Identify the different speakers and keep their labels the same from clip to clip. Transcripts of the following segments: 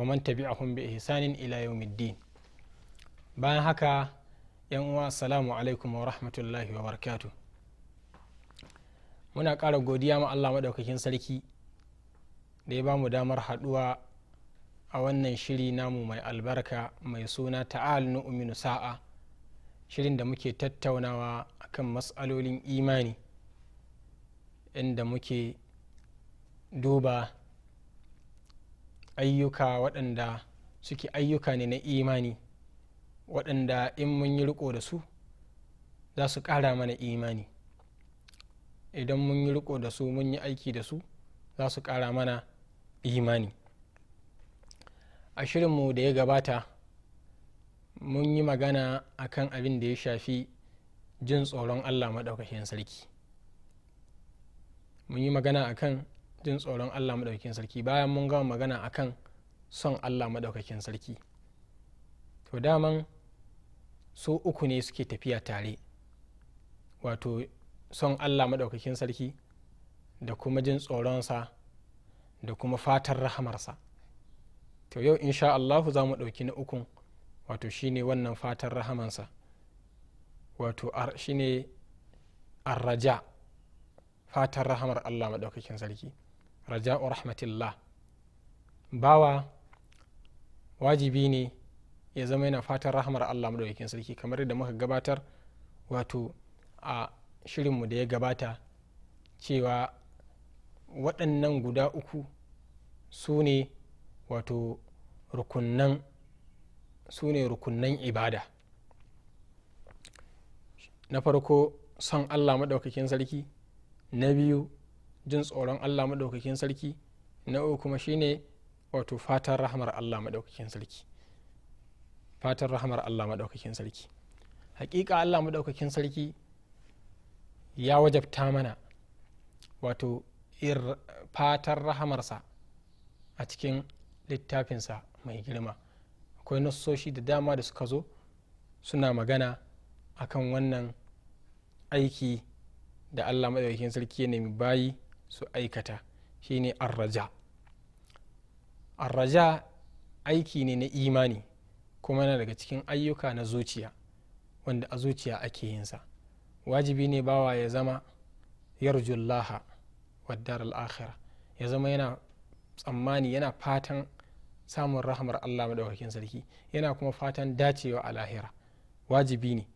Speaker 1: wa man tabi'ahum bi ihsanin ila yawmiddin bayan haka yan uwa assalamu alaikum wa rahmatullahi wa barakatuh muna ƙara godiya ma Allah maɗaukakin sarki da ya bamu damar haɗuwa a wannan shiri namu mai albarka mai suna ta'al nu'minu sa'a shirin da muke tattaunawa akan matsalolin imani inda muke duba ayyuka waɗanda suke ayyuka ne na imani waɗanda in mun yi riko da su za su ƙara mana imani idan mun yi riko da su mun yi aiki da su za su ƙara mana imani a shirinmu da ya gabata mun yi magana a kan abin da ya shafi jin tsoron allah maɗaukakin sarki mun yi magana a kan. jin tsoron allah maɗaukakin sarki bayan mun gama magana akan son allah maɗaukakin sarki to daman su uku ne suke tafiya tare wato son allah maɗaukakin sarki da kuma jin tsoronsa da kuma fatan rahamarsa to yau insha allahu za mu ɗauki na ukun wato shine wannan fatan rahamansa wato shine arraja fatan rahamar allah maɗaukakin sarki raja'u rahmatillah bawa wajibi ne ya zama yana fatan rahmar allah maɗaukakin sarki kamar yadda muka gabatar wato a shirinmu da ya gabata cewa waɗannan guda uku su ne wato rukunnan su ne rukunnan ibada na farko son allah maɗaukakin sarki na biyu jin tsoron allah maɗaukakin sarki na uku kuma shine wato fatan rahmar allah maɗaukakin sarki fatan rahmar allah maɗaukakin sarki hakika allah maɗaukakin sarki ya wajabta mana wato fatan rahamarsa a cikin littafinsa mai girma akwai nassoshi da dama da suka zo suna magana akan wannan aiki da allah maɗaukakin sarki ya nemi bayi su aikata shine arraja arraja aiki ne na imani kuma na daga cikin ayyuka na zuciya wanda a zuciya ake yinsa wajibi ne bawa ya zama yarjullaha waddar al'akhira ya zama yana tsammani yana fatan samun rahamar allah maɗaukakin sarki yana kuma fatan dacewa a lahira wajibi ne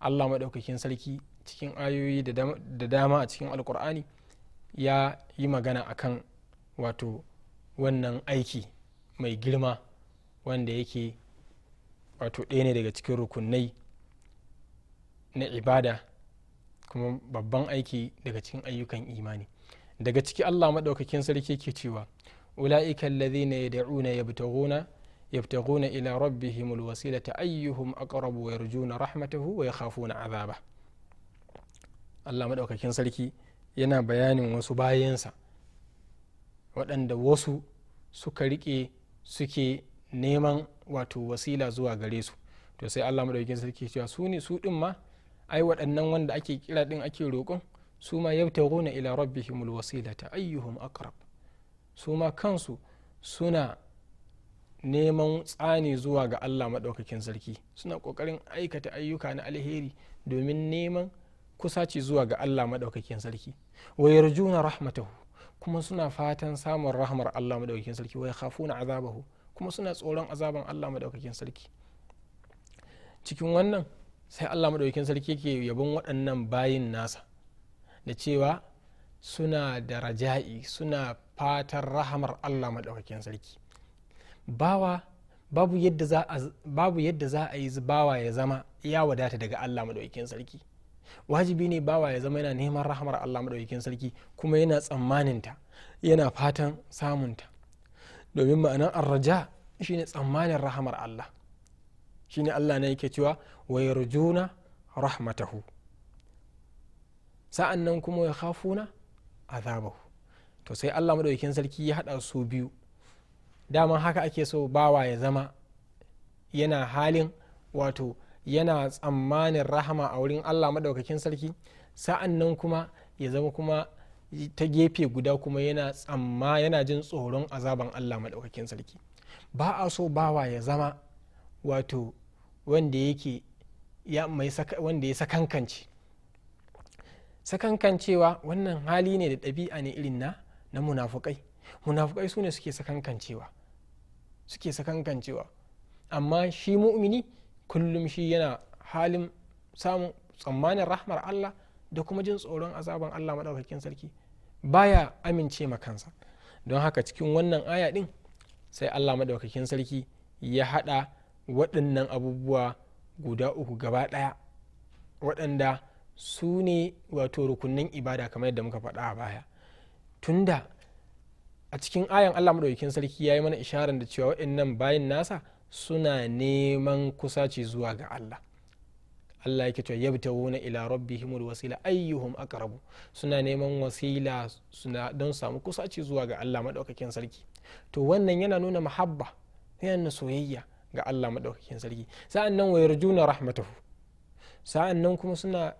Speaker 1: allah maɗaukakin sarki cikin ayoyi da dama a cikin alkur'ani ya yi magana akan wato wannan aiki mai girma wanda yake wato ɗaya ne daga cikin rukunai na ibada kuma babban aiki daga cikin ayyukan imani daga ciki allah maɗaukakin sarki ke cewa ula'ika alladhina yad'una yabtaghuna yabtaghuna ila rabbihim alwasilata ayyuhum aqrabu wa yarjuna rahmatahu wa yakhafuna azaba allah maɗaukakin sarki yana bayanin wasu bayansa waɗanda wasu suka riƙe suke neman wato wasila zuwa gare su to sai allah maɗaukin sarki cewa su ne su ɗin ma ai waɗannan wanda ake kira ɗin ake roƙon su ma yabtaghuna ila rabbihimul ta ayyuhum aqrab su ma kansu suna neman tsani zuwa ga allah maɗaukakin sarki suna ƙoƙarin aikata ayyuka na alheri domin neman Kusa ce zuwa ga Allah maɗaukakin sarki wa yarjuna rahmatahu kuma suna fatan samun rahmar Allah maɗaukakin sarki Wai yakhafuna azabahu kuma suna tsoron azaban Allah maɗaukakin sarki cikin wannan sai Allah maɗaukakin sarki ke yabon waɗannan bayin nasa da cewa suna da raja'i suna fatan rahmar Allah maɗaukakin sarki bawa babu yadda za a yi bawa ya zama ya wadata daga Allah maɗaukakin sarki wajibi ne bawa ya zama yana neman rahamar Allah madaukakin sarki kuma yana tsammanin ta yana fatan samun ta domin ma'anar arraja shine tsammanin rahamar Allah shine Allah na yake cewa wa yarjuna rahmatahu sa'an nan kuma ya a azabahu to sai Allah madaukakin sarki ya haɗa su biyu dama haka ake so bawa ya zama yana halin wato yana tsammanin rahama a wurin allah maɗaukakin sarki sa'an nan kuma ya zama kuma ta gefe guda kuma yana tsamma yana jin tsoron azaban allah maɗaukakin sarki ba a so bawa ya zama wato wanda yake ya sakankanci sakankancewa wannan hali ne da ɗabi'a ne irin na na munafukai munafukai su ne suke sakankancewa suke sakankancewa amma shi mu'mini kullum shi yana halin samun tsammanin rahmar Allah da kuma jin tsoron azaban Allah maɗaukakin sarki baya amince ma kansa don haka cikin wannan aya ɗin sai Allah maɗaukakin sarki ya haɗa waɗannan abubuwa guda uku gaba ɗaya waɗanda su ne wato rukunin ibada kamar yadda muka faɗa a baya tunda a cikin ayan Allah maɗaukakin sarki ya yi mana isharar da cewa waɗannan bayan nasa suna neman kusaci zuwa ga Allah Allah yake cewa yabtawuna ila rabbihimul wasila ayyuhum aqrabu suna neman wasila suna don samu kusaci zuwa ga Allah madaukakin sarki to wannan yana nuna mahabba yana nuna soyayya ga Allah madaukakin sarki sa'an nan wayarjuna rahmatahu sa'an nan kuma suna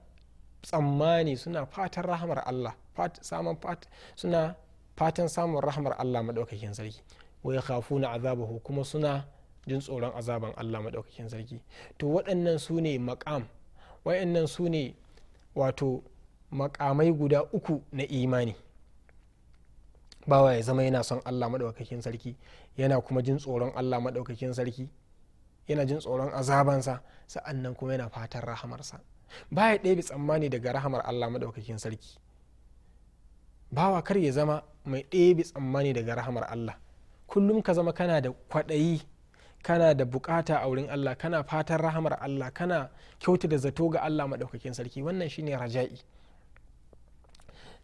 Speaker 1: tsammani suna fatan rahmar Allah saman suna fatan samun rahmar Allah madaukakin sarki wa yakhafuna azabahu kuma suna jin tsoron azaban allah maɗaukakin sarki to waɗannan su ne makam waɗannan su ne wato makamai guda uku na imani bawa ya zama yana son allah maɗaukakin sarki yana kuma jin tsoron allah maɗaukakin sarki yana jin tsoron azabansa sa'annan kuma yana fatan rahamarsa ba ya ɗebe tsammani daga rahamar allah maɗaukakin sarki bawa kar ya zama mai ɗebe tsammani daga rahamar allah kullum ka zama kana da kwaɗayi kana da bukata a wurin Allah kana fatan rahamar Allah kana kyauta da zato ga Allah maɗaukakin sarki wannan shine raja'i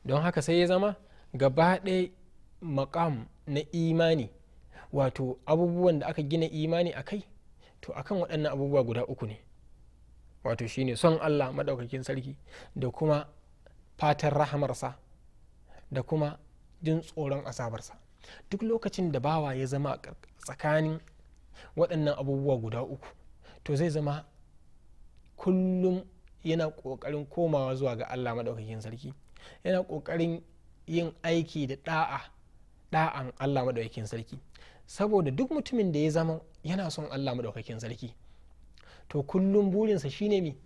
Speaker 1: don haka sai ya zama gaba ɗaya maƙam na imani wato abubuwan da aka gina imani a kai to akan waɗannan abubuwa guda uku ne wato shine son Allah maɗaukakin sarki da kuma fatan rahamarsa da kuma jin tsoron asabarsa duk lokacin da bawa ya zama tsakanin waɗannan abubuwa guda uku to zai zama kullum yana ƙoƙarin komawa zuwa ga allah maɗaukakin sarki yana ƙoƙarin yin aiki da ɗa'a ɗa'an allah maɗaukakin sarki saboda duk mutumin da ya zama yana son allah maɗaukakin sarki to kullum burinsa shine mi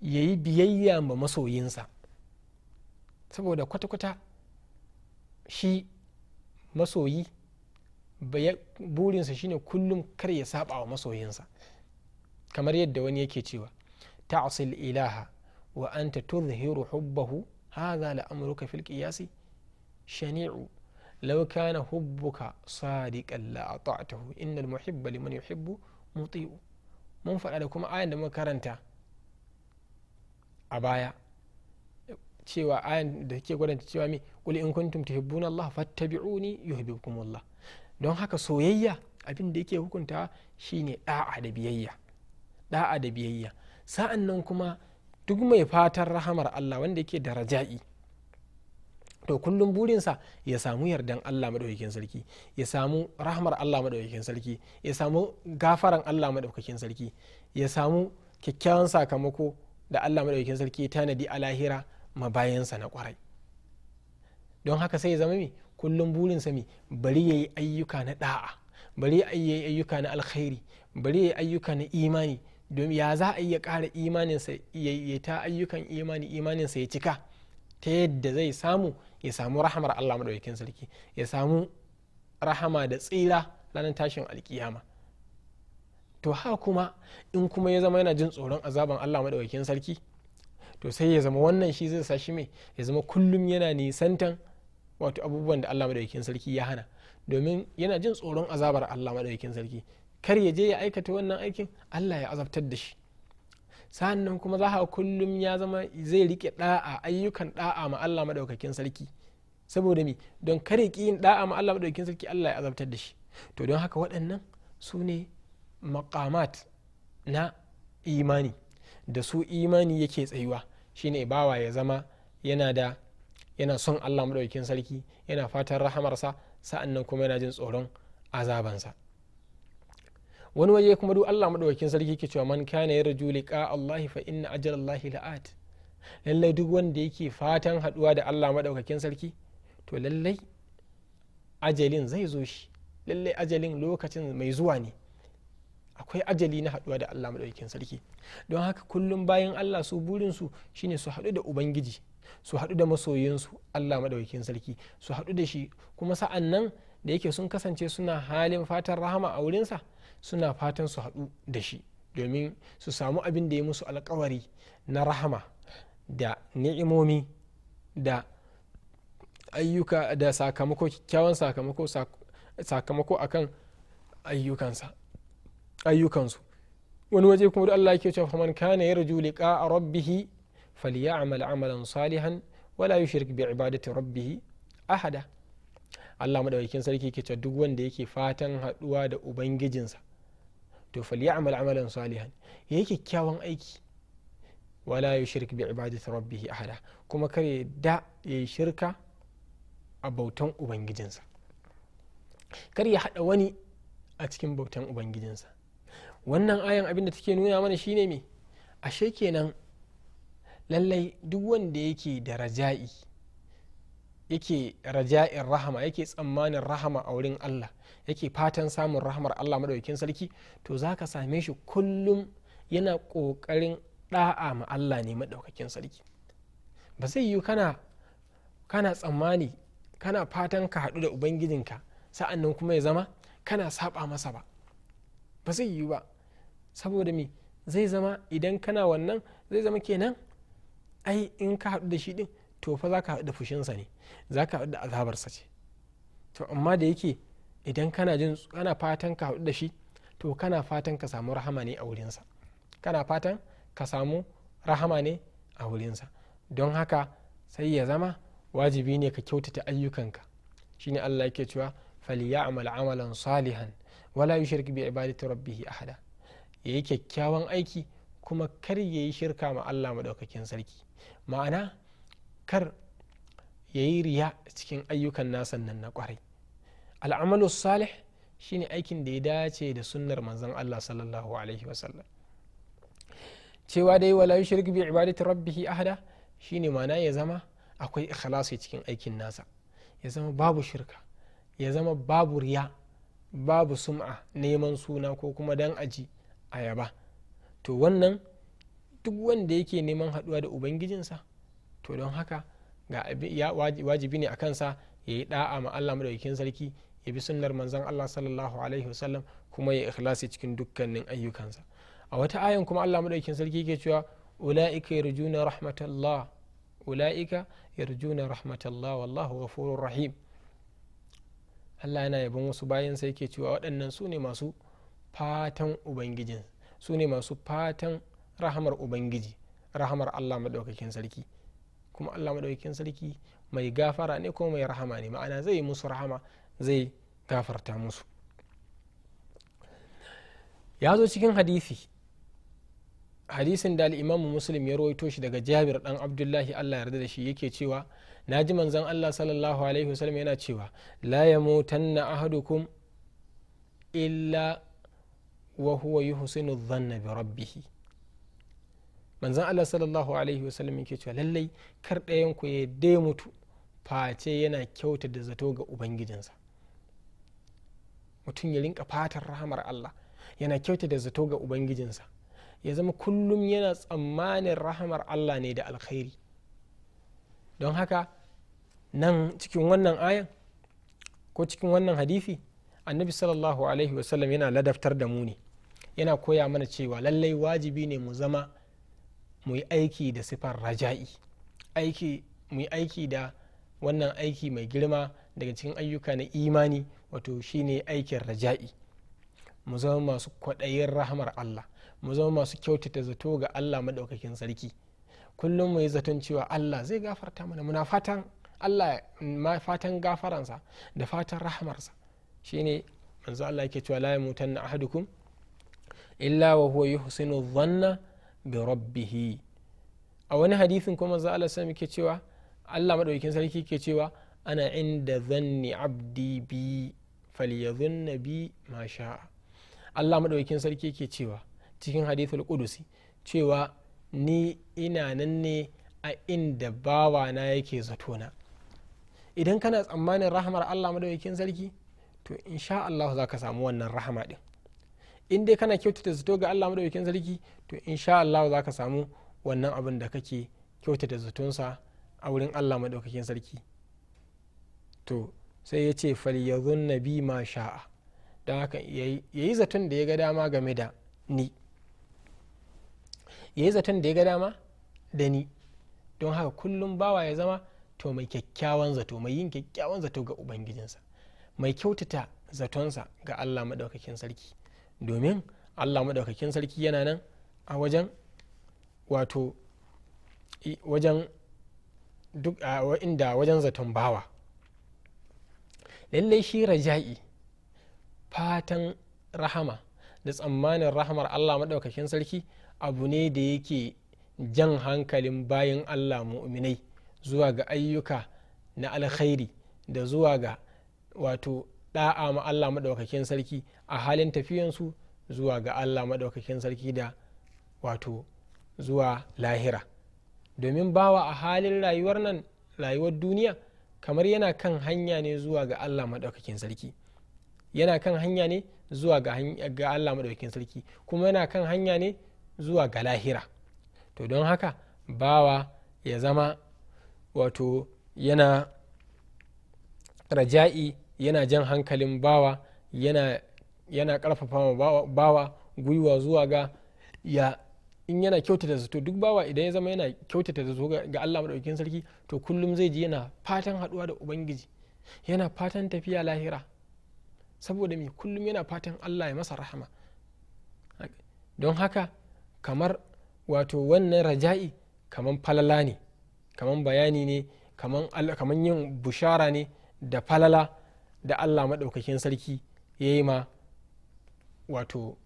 Speaker 1: ya yi biyayya ma masoyinsa saboda kwata-kwata shi masoyi burinsa shine kullum kar ya saba wa masoyinsa kamar yadda wani yake cewa ta'sil ilaha wa anta tuzhiru hubbahu hadha la'amruka fil qiyasi shani'u law kana hubbuka sadiqan la ata'tahu innal muhibba liman yuhibbu muti'u mun faɗa da kuma ayan da muka karanta a baya cewa ayan da take gwadanta cewa mi qul in kuntum tuhibbuna Allah fattabi'uni yuhibbukumullah don haka soyayya abin da yake hukunta shine da'a da biyayya da'a da biyayya sa'an nan kuma duk mai fatan rahamar Allah wanda yake da raja'i to kullum burinsa ya samu yardan Allah maɗaukakin sarki ya samu rahamar Allah maɗaukakin sarki ya samu gafaran Allah maɗaukakin sarki ya samu kyakkyawan sakamako da Allah maɗaukakin sarki ya tanadi a lahira mabayansa na kwarai don haka sai ya zama mai kullum burin sami bari ya yi ayyuka na da'a bari ya yi ayyuka na alkhairi bari ya yi ayyuka na imani don ya za a iya ƙara imaninsa ya ta ayyukan imani imaninsa ya cika ta yadda zai samu ya samu rahamar Allah maɗaukakin sarki ya samu rahama da tsira ranar tashin alkiyama to ha kuma in kuma ya zama yana jin tsoron azaban Allah maɗaukakin sarki to sai ya zama wannan shi zai sashi shi mai ya zama kullum yana nisantan wato abubuwan da Allah madaukakin sarki ya hana domin yana jin tsoron azabar Allah madaukakin sarki kar ya je ya aikata wannan aikin Allah ya azabtar da shi sannan kuma za kullum ya zama zai rike da'a ayyukan da'a ma Allah madaukakin sarki saboda mi don kare ki yin da'a ma Allah madaukakin sarki Allah ya azabtar da shi to don haka waɗannan su ne maqamat na imani da su imani yake tsayuwa shine bawa ya zama yana da yana son allah maɗaukin sarki yana fatan rahamarsa sa'an nan kuma yana jin tsoron azabansa wani waje kuma duk allah maɗaukin sarki ke cewa man kana raju liqa allah fa inna allah la'at lallai duk wanda yake fatan haɗuwa da allah maɗaukakin sarki to lallai ajalin zai zo shi lallai ajalin lokacin mai zuwa ne akwai ajali na haɗuwa da allah maɗaukin sarki don haka kullum bayan allah su burinsu shine su haɗu da ubangiji su haɗu da masoyinsu allah maɗaukakin sarki su haɗu da shi kuma sa'an nan da yake sun kasance suna halin fatan rahama a wurinsa suna fatan su haɗu da shi domin su samu abin da ya musu alkawari na rahama da ni'imomi da ayyuka da sakamako kyakkyawan sakamako sakamako akan ayyukansa ayyukansu wani waje kuma da Allah yake cewa faman kana yarju liqa rabbihi falyamal amalan salihan wala yushrik bi ibadati rabbih ahada Allah madaukakin sarki ke duk wanda yake fatan haduwa da ubangijinsa to falyamal amalan salihan yayi kyakkyawan aiki wala yushrik bi ibadati rabbih ahada kuma kare da yayi shirka a bautan ubangijinsa kar ya haɗa wani a cikin bautan ubangijinsa wannan ayan abin da take nuna mana shine me ashe kenan lallai duk wanda yake da raja'i yake raja'in rahama yake tsammanin rahama a wurin Allah yake fatan samun rahamar Allah madaukin sarki to zaka same shi kullum yana ƙoƙarin ɗa'a ma Allah ne madaukakin sarki ba zai yiwu kana kana tsammani kana fatan ka haɗu da ubangijinka sa'an nan kuma ya zama kana saba masa ba ba zai yiwu ba saboda me zai zama idan kana wannan zai zama kenan ai in ka haɗu da shi ɗin to fa za ka haɗu da fushinsa ne za ka haɗu da azabarsa ce to amma da yake idan kana jin kana fatan ka haɗu da shi to kana fatan ka samu rahama ne a wurinsa kana fatan ka samu rahama ne a wurinsa don haka sai ya zama wajibi ne ka kyautata ayyukanka shine Allah yake cewa amala amalan salihan wala yushrik bi ibadati rabbih ahada yayi kyakkyawan aiki kuma kar yayi shirka ma Allah madaukakin sarki ma'ana kar ya yi riya cikin ayyukan nasan nan na kwarai al'amalu salih shine aikin da ya dace da sunnar manzon Allah sallallahu alaihi wasallam cewa dai wala yushrik bi ibadati rabbihi ahada shine ma'ana ya zama akwai ikhlasi cikin aikin nasa ya zama babu shirka ya zama babu riya babu sum'a neman suna ko kuma dan aji yaba to wannan duk wanda yake neman haɗuwa da ubangijinsa to don haka ga ya wajibi ne a kansa ya yi da'a ma Allah madaukakin sarki ya bi sunnar manzan Allah sallallahu alaihi wasallam kuma ya ikhlasi cikin dukkanin ayyukansa a wata ayan kuma Allah madaukakin sarki ke cewa ulaika yarjuna rahmatallah ulaika yarjuna rahmatallah wallahu ghafurur rahim Allah yana yabon wasu bayan sai yake cewa waɗannan su ne masu fatan ubangijin su ne masu fatan rahamar ubangiji rahamar allah maɗaukakin sarki kuma allah maɗaukakin sarki mai gafara ne kuma mai rahama ne ma'ana zai musu rahama zai gafarta musu ya zo cikin hadisi hadisin da al'imamu muslim ya rawaito shi daga jabir dan abdullahi allah yarda da shi yake cewa na ji manzon allah sallallahu alaihi wasallam yana cewa la motan ahadukum illa wa huwa yuhsinu dhanna bi rabbih manzan allah sallallahu alaihi wasallam yake cewa lallai kar ɗayan ku ya dai mutu face yana kyauta da zato ga ubangijinsa mutum ya rinka fatar rahamar allah yana kyauta da zato ga ubangijinsa ya zama kullum yana tsammanin rahamar allah ne da alkhairi don haka nan cikin wannan ayan ko cikin wannan hadifi annabi sallallahu alaihi wasallam yana ladaftar da mu ne yana koya mana cewa lallai wajibi ne mu zama mu yi aiki da sifar raja'i aiki mu yi aiki da wannan aiki mai girma daga cikin ayyuka na imani wato shine aikin raja'i mu zama masu kwaɗayin rahamar Allah mu zama masu kyautata zato ga Allah maɗaukakin sarki kullum mu yi zaton cewa Allah zai gafarta mana muna fatan Allah ma fatan gafaransa da fatan rahamarsa shine manzo Allah yake cewa la yamutanna ahadukum illa wa huwa yuhsinu dhanna bi rabbihi a wani hadithin kuma za Allah sami ke cewa Allah maɗaukin sarki ke cewa ana inda zanni abdi bi falyadhunna bi ma sha'a Allah maɗaukin sarki ke cewa cikin hadithul qudusi cewa ni ina nan ne a inda bawana yake zatona idan kana tsammanin rahmar Allah madaukakin sarki to insha Allah za ka samu wannan rahama din in dai kana kyautata zato ga Allah madaukakin sarki to insha Allah za ka samu wannan abin da kake kyautata zatonsa a wurin Allah madaukakin sarki to sai ya ce falyazun nabi ma sha'a don haka yayi zaton da ya ga dama game da ni yayi zaton da ya ga dama da ni don haka kullum bawa ya zama to mai kyakkyawan zato mai yin kyakkyawan zato ga ubangijinsa mai kyautata zatonsa ga Allah madaukakin sarki domin allah maɗaukakin sarki yana nan a wajen wato wajen duk inda wajen zaton bawa lallai shi raja'i fatan rahama da tsammanin rahamar allah maɗaukakin sarki abu ne da yake jan hankalin bayan allah mu'minai zuwa ga ayyuka na alkhairi da zuwa ga wato da'a ma Allah maɗaukakin sarki a halin tafiyansu zuwa ga Allah maɗaukakin sarki da wato zuwa lahira domin bawa a halin rayuwar nan rayuwar duniya kamar yana kan hanya ne zuwa ga Allah maɗaukakin sarki yana kan hanya ne zuwa ga Allah maɗaukakin sarki kuma yana kan hanya ne zuwa ga lahira to don haka bawa ya zama wato yana raja'i yana jan hankalin bawa yana karfafa ma bawa gwiwa zuwa ga ya in yana kyautata zato duk bawa idan ya zama yana kyautata zato ga Allah maɗaukin sarki to kullum zai ji yana fatan haɗuwa da ubangiji yana fatan tafiya lahira saboda me kullum yana fatan Allah ya masa rahama don haka kamar wato wannan raja'i kamar falala ne kamar bayani ne kamar yin bushara ne da falala da allah maɗaukakin sarki ya yi ma wato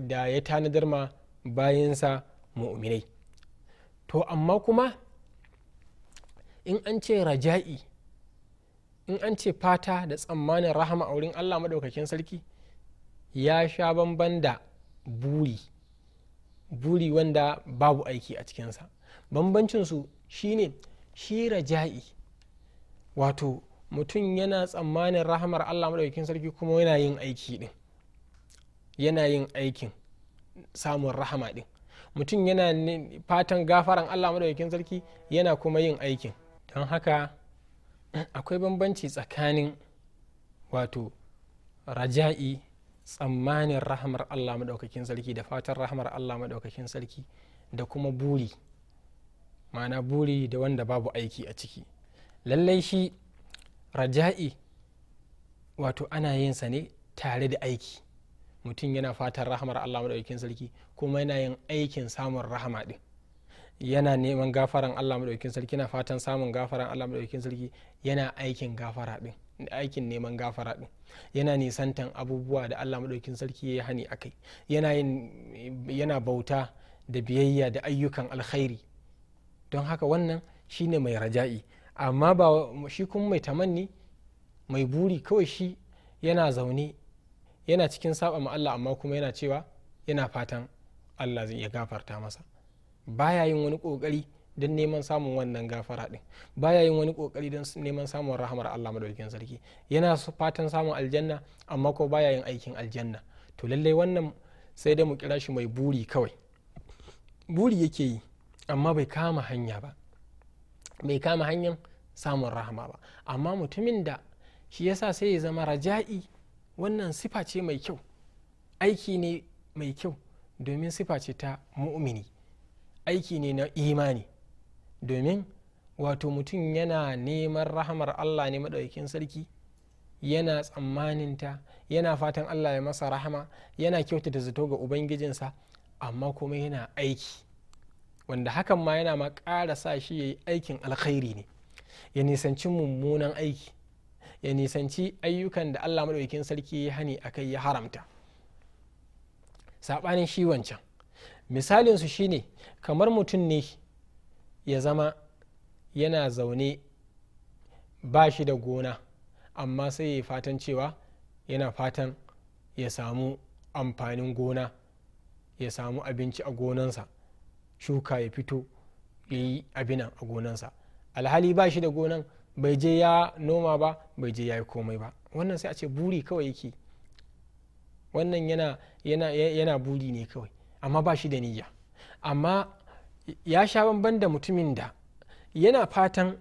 Speaker 1: da ya tanadar ma bayansa mu'minai to amma kuma in an ce raja'i in an ce fata da tsammanin rahama a wurin allah maɗaukakin sarki ya sha bamban da buri buri wanda babu aiki a cikinsa bambancinsu shine shi raja'i wato mutum yana tsammanin rahamar allah maɗaukakin sarki kuma yana yin aiki ɗin yana yin aikin samun rahama ɗin mutum yana fatan gafaran allah maɗaukakin sarki yana kuma yin aikin don haka akwai bambanci tsakanin wato raja'i tsammanin rahamar allah maɗaukakin sarki da fatan rahamar allah maɗaukakin sarki da kuma buri ma'ana buri da wanda babu aiki a ciki lallai shi raja'i wato ana yin sa ne tare da aiki mutum yana fatan rahamar allah maɗaukin sarki kuma yana yin aikin samun rahama ɗin yana neman gafaran allah maɗaukin sarki yana fatan samun gafaran allah maɗaukin sarki yana aikin gafara ɗin aikin neman gafara ɗin yana nisantan abubuwa da allah maɗaukin sarki ya hani akai yana yana bauta da biyayya da ayyukan alkhairi don haka wannan shine mai raja'i amma ba shi kuma mai tamanni mai buri kawai shi yana zaune yana cikin saba ma Allah amma kuma yana cewa yana fatan Allah zai iya gafarta masa baya yin wani kokari don neman samun wannan gafara din baya yin wani kokari don neman samun rahamar Allah madaukakin sarki yana fatan samun aljanna amma ko baya yin aikin aljanna to lallai wannan sai dai mu kira shi mai buri kawai buri yake yi amma bai kama hanya ba bai kama hanyar samun rahama ba amma mutumin da shi yasa sai ya zama raja'i wannan sifa ce mai kyau aiki ne mai kyau domin sifa ce ta mu'mini aiki ne na imani domin wato mutum yana neman rahamar allah ne maɗaukin sarki yana tsammanin ta yana fatan allah ya masa rahama yana kyautata zato ga ubangijinsa amma kuma yana aiki wanda hakan ma yana ma ƙara sa shi ya yi aikin alkhairi ne ya nisanci mummunan aiki ya nisanci ayyukan da allah maɗaukin sarki ya hani a kai ya haramta saɓanin shi wancan misalinsu shine kamar mutum ne ya zama yana zaune ba shi da gona amma sai ya fatan cewa yana fatan ya samu amfanin gona ya samu abinci a gonansa shuka ya fito ya yi abinan a gonansa alhali ba shi da gonan bai je ya noma ba bai je ya yi komai ba wannan sai a ce buri kawai yake wannan yana, yana, yana buri ne kawai amma ba shi da niyya amma ya sha bamban da mutumin da yana fatan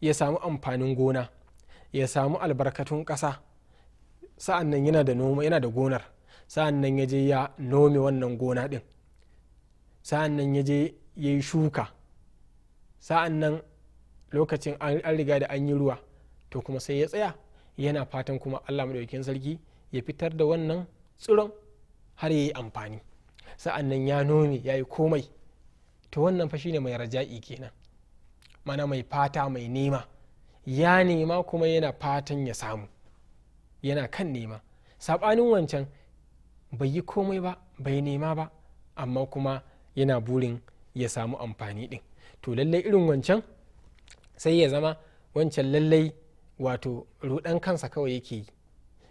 Speaker 1: ya samu amfanin gona ya samu albarkatun ƙasa sa'an nan yana da gonar sa'an nan ya je ya nome wannan gona ɗin sa'an nan ya je ya yi shuka sa'an nan lokacin an riga da an yi ruwa to kuma sai ya tsaya yana fatan kuma allah maɗaukin sarki ya fitar da wannan tsiron har ya yi amfani sa'an nan ya nome ya yi komai to wannan fa shine mai raja'i kenan mana mai fata mai nema ya nema kuma yana fatan ya samu yana kan nema saɓanin wancan bai yi komai ba bai nema ba amma kuma yana burin ya samu amfani din to lallai irin wancan sai ya zama wancan lallai wato rudan kansa kawai yake yi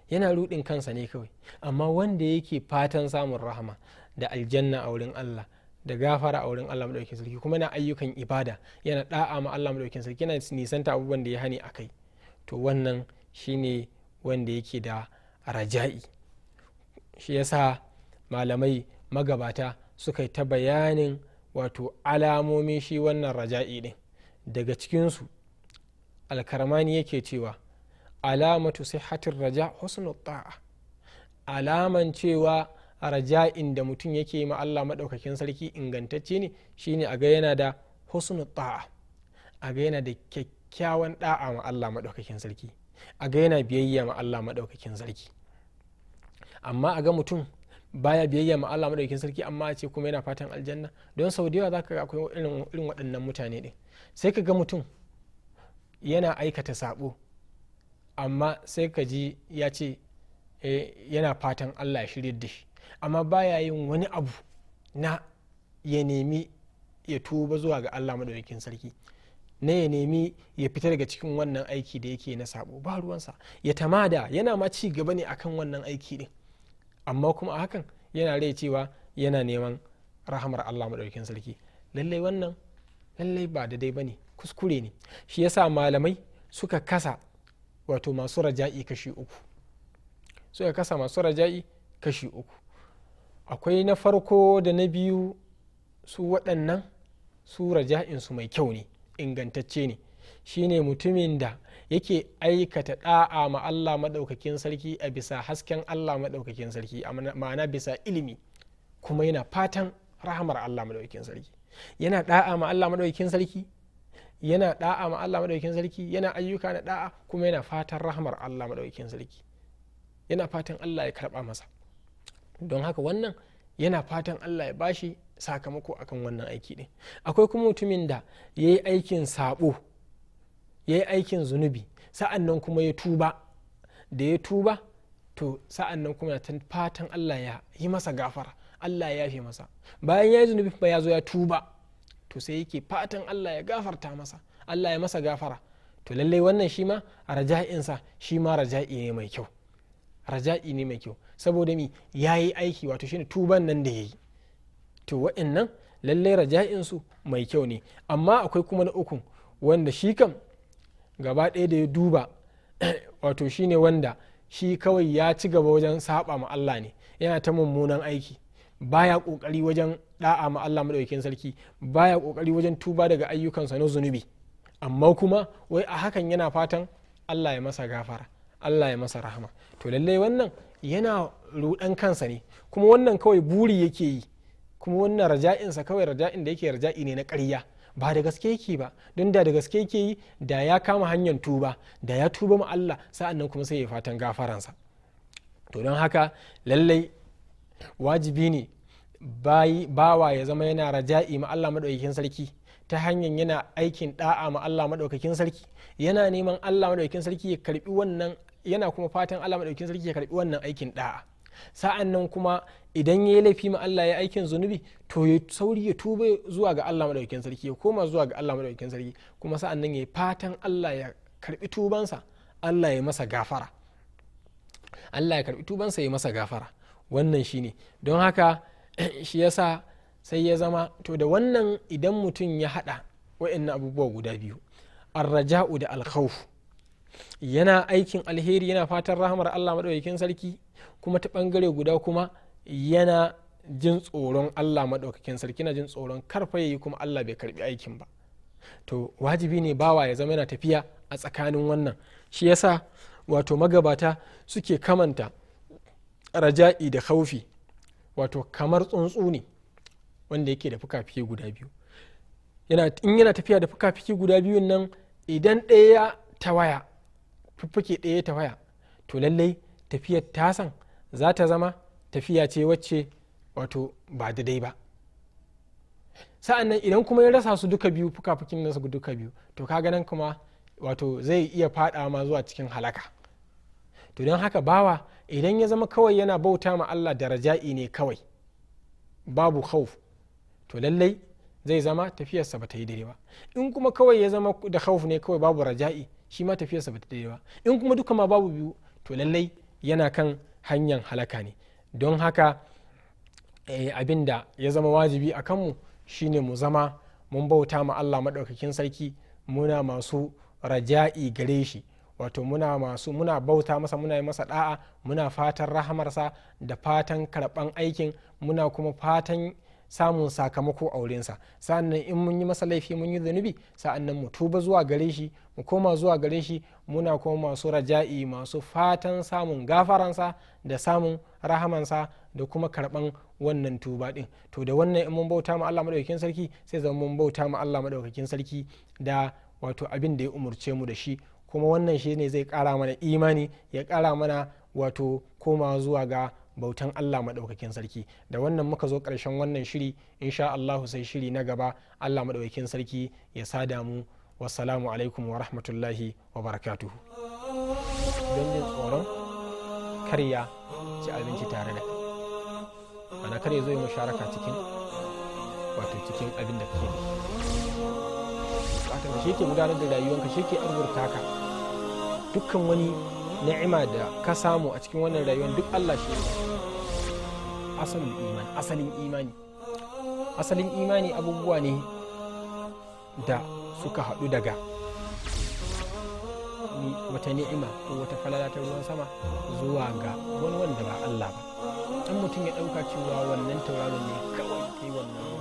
Speaker 1: yana rudin kansa ne kawai amma wanda yake fatan samun rahama da aljanna a wurin Allah da gafara a wurin Allah madaukakin sarki kuma na ayyukan ibada yana da'a ma Allah madaukakin sarki yana nisanta abubuwan da ya hani a kai to wannan shine wanda yake da raja'i shi yasa malamai magabata suka yi ta bayanin wato alamomi shi wannan raja'i ɗin daga cikinsu alkarmani yake cewa alamatu hatin raja husnu ta'a alaman cewa raja'in da mutum yake ma Allah maɗaukakin sarki ingantacce ne shine a ga yana da husnu ta'a a ga yana da kyakkyawan da'a ma Allah maɗaukakin sarki a ga yana biyayya ma Allah maɗaukakin sarki amma a ga mutum baya biyayya ma Allah madaukakin sarki amma ce kuma yana fatan aljanna don sau da yawa zaka ga akwai irin irin waɗannan mutane din sai ka ga mutum yana aikata sabo amma sai ka ji ya ce eh, yana fatan Allah ya shirye da shi amma baya yin wani abu na ya nemi ya tuba zuwa ga Allah madaukakin sarki na ya nemi ya fita daga cikin wannan aiki da yake na sabo ba ruwansa ya tamada yana ma ci gaba ne akan wannan aiki din amma kuma a hakan yana rai cewa yana neman rahamar allah maɗaukin sarki lallai wannan lallai ba da dai ne kuskure ne shi yasa malamai suka kasa wato masu raja'i kashi uku suka kasa masu raja'i kashi uku akwai na farko da na biyu su waɗannan su raja'insu mai kyau ne ingantacce ne shine mutumin da yake aikata da'a ma Allah madaukakin sarki a bisa hasken Allah madaukakin sarki a ma'ana bisa ilimi kuma yana fatan rahamar Allah madaukakin sarki yana da'a ma Allah madaukakin sarki yana da'a ma Allah madaukakin sarki yana ayyuka na da'a kuma yana fatan rahamar Allah madaukakin sarki yana fatan Allah ya karba masa don haka wannan yana fatan Allah ya bashi sakamako akan wannan aiki ne. akwai kuma mutumin da ya yi aikin sabo ya yi aikin zunubi sa'an nan kuma ya tuba da ya tuba to sa'an nan kuma ta fatan allah ya yi masa gafara allah ya yafe masa bayan ya yi zunubi ba ya zo ya tuba to sai yake fatan allah ya gafarta masa allah ya masa gafara to lallai wannan shi ma a raja'insa shi ma raja'i ne mai kyau raja'i ne mai kyau saboda mi ya yi aiki wato ne tuban nan da ya yi to nan lallai raja'insu mai kyau ne amma akwai kuma na ukun wanda shi kam gaba ɗaya da ya duba wato shi ne wanda shi kawai ya ci gaba wajen saba ma Allah ne yana ta mummunan aiki baya ƙoƙari wajen da'a ma Allah madaukakin sarki baya kokari wajen tuba daga ayyukansa na zunubi amma kuma wai a hakan yana fatan Allah ya masa gafara Allah ya masa rahama to lallai wannan yana rudan kansa ne kuma wannan kawai buri yake yi kuma wannan raja'insa kawai raja'in da yake raja'i ne na ƙarya ba da gaske yake ba don da da gaske yake yi da ya kama hanyar tuba da ya tuba ma Allah sa'annan kuma sai ya fatan gafaransa to don haka lallai wajibi ne bawa ya zama yana raja'i ma Allah madaukakin sarki ta hanyar yana aikin da'a ma Allah madaukakin sarki yana neman Allah madaukakin sarki ya karbi wannan yana kuma fatan Allah madaukakin sarki ya karbi wannan aikin da'a sa'annan kuma idan ya yi laifi ma Allah ya aikin zunubi to ya sauri ya tuba zuwa ga Allah madaukakin sarki ya koma zuwa ga Allah madaukakin sarki kuma sa'an nan ya fatan Allah ya karbi tubansa Allah ya masa gafara Allah ya karbi tubansa ya masa gafara wannan shine don haka shi yasa sai ya zama to da wannan idan mutum ya hada wa'annan abubuwa guda biyu arraja'u da alkhawf yana aikin alheri yana fatan rahamar Allah madaukakin sarki kuma ta bangare guda kuma yana jin tsoron allah maɗaukakin sarki na jin tsoron karfa ya yi kuma allah bai karbi aikin ba to wajibi ne bawa ya zama yana tafiya a tsakanin wannan shi yasa wato magabata suke kamanta raja'i da haufi wato kamar tsuntsu ne wanda yake da fuka-fuki guda biyu in yana tafiya da fuka-fuki guda biyun nan idan ɗaya ta waya fuffuke ɗaya ta waya to lallai tafiyar tasan za ta zama tafiya ce wacce wato ba daidai ba sa'annan idan kuma ya rasa su duka biyu fukafukin nasa duka biyu to kaga nan kuma wato zai iya fada ma zuwa cikin halaka to don haka bawa idan ya zama kawai yana bauta ma allah daraja'i ne kawai babu khauf to lallai zai zama tafiyarsa ba ta yi daidai ba in kuma kawai ya zama da khauf ne kawai babu raja'i shi ma tafiyarsa ba bata daidai ba in kuma duka ma babu biyu to lallai yana kan hanyar halaka ne don haka eh, abin da ya zama wajibi a kanmu shine mu zama mun bauta ma allah maɗaukakin sarki muna masu raja'i gare shi wato muna masu muna bauta masa muna yi masa da'a muna fatan rahamarsa da fatan karɓan aikin muna kuma fatan samun sakamako a wurinsa sa'annan in mun yi masa laifi mun yi zunubi sa'annan mu tuba zuwa gare shi mu koma zuwa gare shi muna kuma masu raja'i masu fatan samun gafaransa da samun rahamansa da kuma karban wannan tuba din to da wannan in mun bauta ma Allah madaukakin sarki sai zama mun bauta ma Allah madaukakin sarki da wato abin da ya umurce mu da shi kuma wannan shi ne zai kara mana imani ya kara mana wato koma zuwa ga bautan Allah maɗaukakin sarki da wannan muka zo ƙarshen wannan shiri insha Allahu sai shiri na gaba Allah maɗaukakin sarki ya sada mu wasalamu alaikum wa rahmatullahi wa barakatuhu don jin tsoron karya ci abinci tare da ana karya zai zo yi musharaka cikin wato cikin abin da kake da shi ke gudanar da rayuwanka shi ke arzurta ka dukkan wani ni'ima da ka samu a cikin wannan rayuwar duk Allah shi asalin imani asalin imani asalin imani abubuwa ne da suka haɗu daga wata ni'ima ko wata falala ta ruwan sama zuwa ga wani wanda ba Allah ba dan mutum ya ɗauka cewa wannan tauraron ne kawai kai wannan